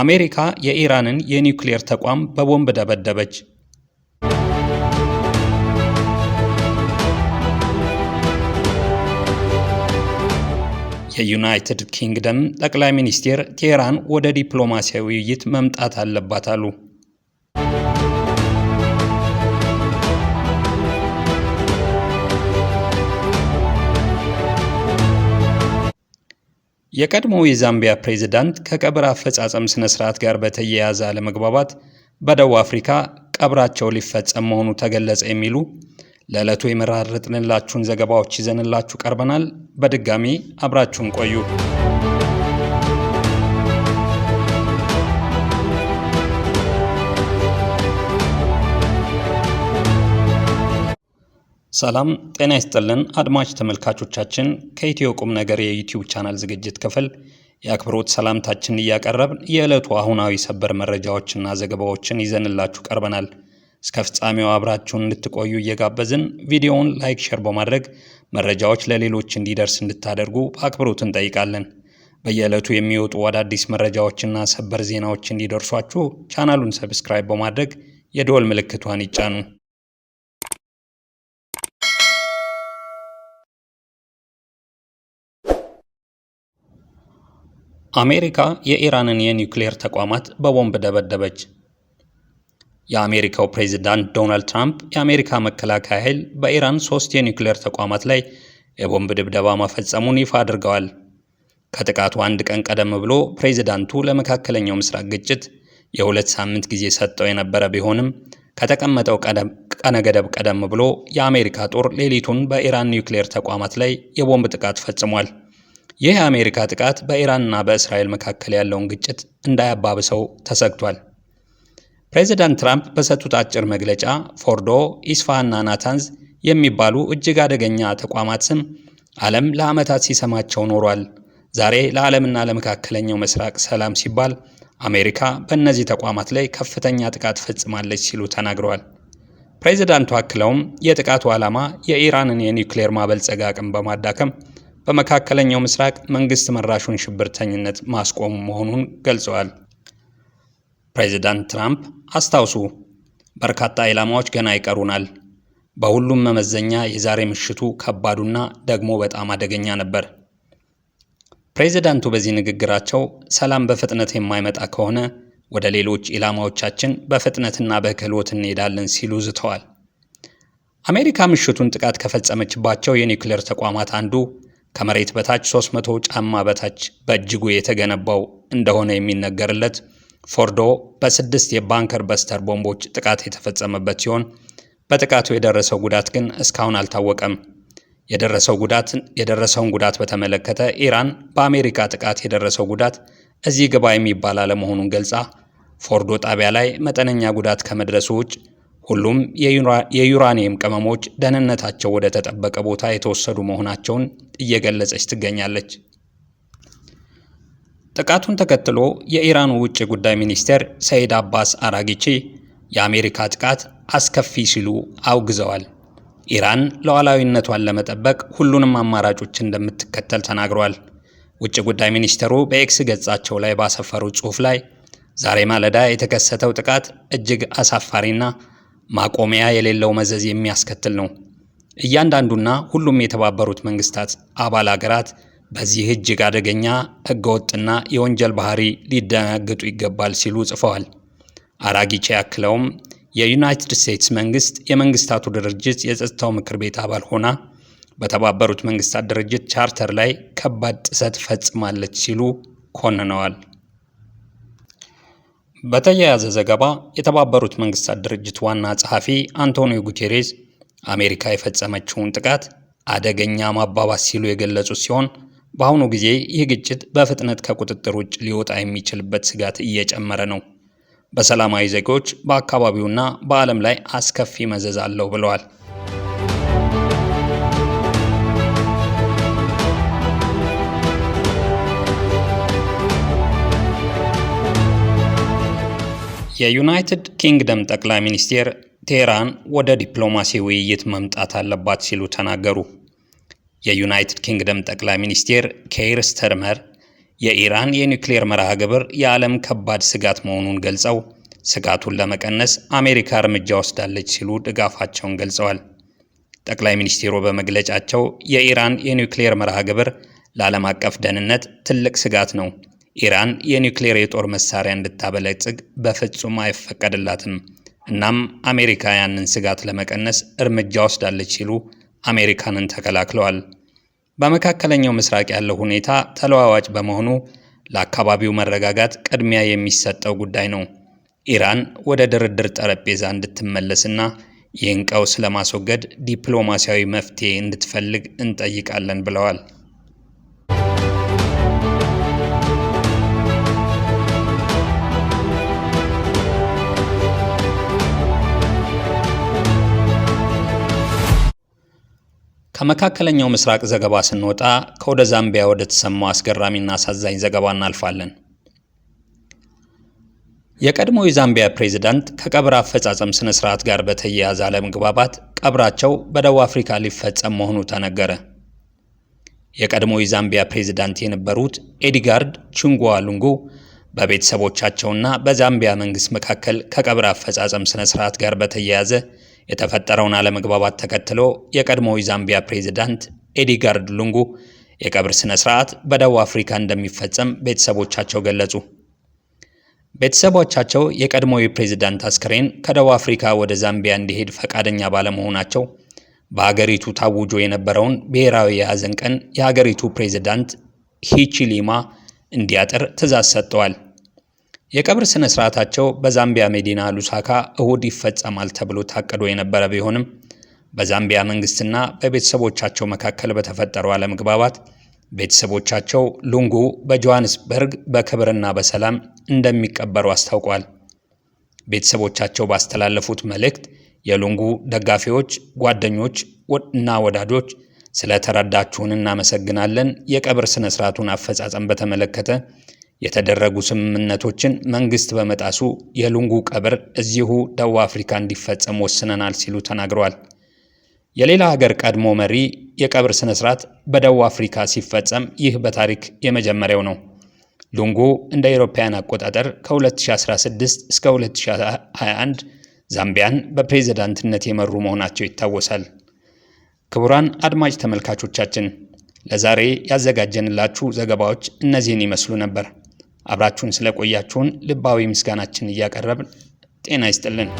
አሜሪካ የኢራንን የኒውክሌር ተቋም በቦምብ ደበደበች። የዩናይትድ ኪንግደም ጠቅላይ ሚኒስቴር ቴህራን ወደ ዲፕሎማሲያዊ ውይይት መምጣት አለባት አሉ። የቀድሞው የዛምቢያ ፕሬዝዳንት ከቀብር አፈጻጸም ስነ ስርዓት ጋር በተያያዘ አለመግባባት በደቡብ አፍሪካ ቀብራቸው ሊፈጸም መሆኑ ተገለጸ የሚሉ ለዕለቱ የመራረጥንላችሁን ዘገባዎች ይዘንላችሁ ቀርበናል። በድጋሚ አብራችሁን ቆዩ። ሰላም ጤና ይስጥልን አድማጭ ተመልካቾቻችን ከኢትዮ ቁም ነገር የዩቲዩብ ቻናል ዝግጅት ክፍል የአክብሮት ሰላምታችን እያቀረብን የዕለቱ አሁናዊ ሰበር መረጃዎችና ዘገባዎችን ይዘንላችሁ ቀርበናል። እስከ ፍጻሜው አብራችሁን እንድትቆዩ እየጋበዝን ቪዲዮውን ላይክ፣ ሼር በማድረግ መረጃዎች ለሌሎች እንዲደርስ እንድታደርጉ በአክብሮት እንጠይቃለን። በየዕለቱ የሚወጡ አዳዲስ መረጃዎችና ሰበር ዜናዎች እንዲደርሷችሁ ቻናሉን ሰብስክራይብ በማድረግ የደወል ምልክቷን ይጫኑ። አሜሪካ የኢራንን የኒውክሌር ተቋማት በቦምብ ደበደበች። የአሜሪካው ፕሬዚዳንት ዶናልድ ትራምፕ የአሜሪካ መከላከያ ኃይል በኢራን ሶስት የኒውክሌር ተቋማት ላይ የቦምብ ድብደባ ማፈጸሙን ይፋ አድርገዋል። ከጥቃቱ አንድ ቀን ቀደም ብሎ ፕሬዚዳንቱ ለመካከለኛው ምስራቅ ግጭት የሁለት ሳምንት ጊዜ ሰጠው የነበረ ቢሆንም ከተቀመጠው ቀነ ገደብ ቀደም ብሎ የአሜሪካ ጦር ሌሊቱን በኢራን ኒውክሌር ተቋማት ላይ የቦምብ ጥቃት ፈጽሟል። ይህ የአሜሪካ ጥቃት በኢራንና በእስራኤል መካከል ያለውን ግጭት እንዳያባብሰው ተሰግቷል። ፕሬዚዳንት ትራምፕ በሰጡት አጭር መግለጫ ፎርዶ፣ እና ናታንዝ የሚባሉ እጅግ አደገኛ ተቋማት ስም ዓለም ለዓመታት ሲሰማቸው ኖሯል። ዛሬ ለዓለምና ለመካከለኛው ምስራቅ ሰላም ሲባል አሜሪካ በእነዚህ ተቋማት ላይ ከፍተኛ ጥቃት ፈጽማለች ሲሉ ተናግረዋል። ፕሬዚዳንቱ አክለውም የጥቃቱ ዓላማ የኢራንን የኒውክሌር ማበልጸግ አቅም በማዳከም በመካከለኛው ምስራቅ መንግስት መራሹን ሽብርተኝነት ማስቆም መሆኑን ገልጸዋል። ፕሬዚዳንት ትራምፕ አስታውሱ፣ በርካታ ኢላማዎች ገና ይቀሩናል። በሁሉም መመዘኛ የዛሬ ምሽቱ ከባዱና ደግሞ በጣም አደገኛ ነበር። ፕሬዚዳንቱ በዚህ ንግግራቸው ሰላም በፍጥነት የማይመጣ ከሆነ ወደ ሌሎች ኢላማዎቻችን በፍጥነትና በክህሎት እንሄዳለን ሲሉ ዝተዋል። አሜሪካ ምሽቱን ጥቃት ከፈጸመችባቸው የኒውክሌር ተቋማት አንዱ ከመሬት በታች 300 ጫማ በታች በእጅጉ የተገነባው እንደሆነ የሚነገርለት ፎርዶ በስድስት የባንከር በስተር ቦምቦች ጥቃት የተፈጸመበት ሲሆን በጥቃቱ የደረሰው ጉዳት ግን እስካሁን አልታወቀም። የደረሰው ጉዳት የደረሰውን ጉዳት በተመለከተ ኢራን በአሜሪካ ጥቃት የደረሰው ጉዳት እዚህ ግባ የሚባል አለመሆኑን ገልጻ ፎርዶ ጣቢያ ላይ መጠነኛ ጉዳት ከመድረሱ ውጭ ሁሉም የዩራኒየም ቅመሞች ደህንነታቸው ወደ ተጠበቀ ቦታ የተወሰዱ መሆናቸውን እየገለጸች ትገኛለች። ጥቃቱን ተከትሎ የኢራኑ ውጭ ጉዳይ ሚኒስቴር ሰይድ አባስ አራጊቺ የአሜሪካ ጥቃት አስከፊ ሲሉ አውግዘዋል። ኢራን ሉዓላዊነቷን ለመጠበቅ ሁሉንም አማራጮች እንደምትከተል ተናግረዋል። ውጭ ጉዳይ ሚኒስቴሩ በኤክስ ገጻቸው ላይ ባሰፈሩት ጽሑፍ ላይ ዛሬ ማለዳ የተከሰተው ጥቃት እጅግ አሳፋሪና ማቆሚያ የሌለው መዘዝ የሚያስከትል ነው። እያንዳንዱና ሁሉም የተባበሩት መንግስታት አባል አገራት በዚህ እጅግ አደገኛ ህገወጥና የወንጀል ባህሪ ሊደናገጡ ይገባል ሲሉ ጽፈዋል። አራጊቼ ያክለውም የዩናይትድ ስቴትስ መንግስት የመንግስታቱ ድርጅት የጸጥታው ምክር ቤት አባል ሆና በተባበሩት መንግስታት ድርጅት ቻርተር ላይ ከባድ ጥሰት ፈጽማለች ሲሉ ኮንነዋል። በተያያዘ ዘገባ የተባበሩት መንግስታት ድርጅት ዋና ጸሐፊ አንቶኒዮ ጉቴሬዝ አሜሪካ የፈጸመችውን ጥቃት አደገኛ ማባባስ ሲሉ የገለጹት ሲሆን በአሁኑ ጊዜ ይህ ግጭት በፍጥነት ከቁጥጥር ውጭ ሊወጣ የሚችልበት ስጋት እየጨመረ ነው፣ በሰላማዊ ዜጎች በአካባቢውና በዓለም ላይ አስከፊ መዘዝ አለው ብለዋል። የዩናይትድ ኪንግደም ጠቅላይ ሚኒስቴር ቴህራን ወደ ዲፕሎማሲ ውይይት መምጣት አለባት ሲሉ ተናገሩ። የዩናይትድ ኪንግደም ጠቅላይ ሚኒስቴር ኬይር ስተርመር የኢራን የኒውክሌር መርሃ ግብር የዓለም ከባድ ስጋት መሆኑን ገልጸው ስጋቱን ለመቀነስ አሜሪካ እርምጃ ወስዳለች ሲሉ ድጋፋቸውን ገልጸዋል። ጠቅላይ ሚኒስቴሩ በመግለጫቸው የኢራን የኒውክሌር መርሃ ግብር ለዓለም አቀፍ ደህንነት ትልቅ ስጋት ነው፣ ኢራን የኒውክሌር የጦር መሳሪያ እንድታበለጽግ በፍጹም አይፈቀድላትም። እናም አሜሪካ ያንን ስጋት ለመቀነስ እርምጃ ወስዳለች ሲሉ አሜሪካንን ተከላክለዋል። በመካከለኛው ምስራቅ ያለው ሁኔታ ተለዋዋጭ በመሆኑ ለአካባቢው መረጋጋት ቅድሚያ የሚሰጠው ጉዳይ ነው። ኢራን ወደ ድርድር ጠረጴዛ እንድትመለስና ይህን ቀውስ ለማስወገድ ዲፕሎማሲያዊ መፍትሄ እንድትፈልግ እንጠይቃለን ብለዋል። ከመካከለኛው ምስራቅ ዘገባ ስንወጣ ከወደ ዛምቢያ ወደ ተሰማው አስገራሚና አሳዛኝ ዘገባ እናልፋለን። የቀድሞው የዛምቢያ ፕሬዝዳንት ከቀብር አፈጻጸም ስነ ስርዓት ጋር በተያያዘ አለመግባባት ቀብራቸው በደቡብ አፍሪካ ሊፈጸም መሆኑ ተነገረ። የቀድሞው የዛምቢያ ፕሬዝዳንት የነበሩት ኤድጋርድ ቹንጓዋ ሉንጉ በቤተሰቦቻቸውና በዛምቢያ መንግስት መካከል ከቀብር አፈጻጸም ስነ ስርዓት ጋር በተያያዘ የተፈጠረውን አለመግባባት ተከትሎ የቀድሞው የዛምቢያ ፕሬዚዳንት ኤዲጋርድ ሉንጉ የቀብር ስነ ስርዓት በደቡብ አፍሪካ እንደሚፈጸም ቤተሰቦቻቸው ገለጹ። ቤተሰቦቻቸው የቀድሞው የፕሬዝዳንት አስከሬን ከደቡብ አፍሪካ ወደ ዛምቢያ እንዲሄድ ፈቃደኛ ባለመሆናቸው በሀገሪቱ ታውጆ የነበረውን ብሔራዊ የሀዘን ቀን የሀገሪቱ ፕሬዝዳንት ሂቺሊማ እንዲያጥር ትዕዛዝ ሰጥተዋል። የቀብር ስነ ሥርዓታቸው በዛምቢያ መዲና ሉሳካ እሁድ ይፈጸማል ተብሎ ታቅዶ የነበረ ቢሆንም በዛምቢያ መንግስትና በቤተሰቦቻቸው መካከል በተፈጠረው አለመግባባት ቤተሰቦቻቸው ሉንጉ በጆሐንስበርግ በክብርና በሰላም እንደሚቀበሩ አስታውቋል። ቤተሰቦቻቸው ባስተላለፉት መልእክት የሉንጉ ደጋፊዎች፣ ጓደኞች እና ወዳጆች ስለተረዳችሁን እናመሰግናለን። የቀብር ስነ ስርዓቱን አፈጻጸም በተመለከተ የተደረጉ ስምምነቶችን መንግስት በመጣሱ የሉንጉ ቀብር እዚሁ ደቡብ አፍሪካ እንዲፈጸም ወስነናል ሲሉ ተናግረዋል። የሌላ ሀገር ቀድሞ መሪ የቀብር ስነ ስርዓት በደቡብ አፍሪካ ሲፈጸም ይህ በታሪክ የመጀመሪያው ነው። ሉንጉ እንደ አውሮፓውያን አቆጣጠር ከ2016 እስከ 2021 ዛምቢያን በፕሬዝዳንትነት የመሩ መሆናቸው ይታወሳል። ክቡራን አድማጭ ተመልካቾቻችን ለዛሬ ያዘጋጀንላችሁ ዘገባዎች እነዚህን ይመስሉ ነበር። አብራችሁን ስለቆያችሁን ልባዊ ምስጋናችን እያቀረብን ጤና ይስጥልን።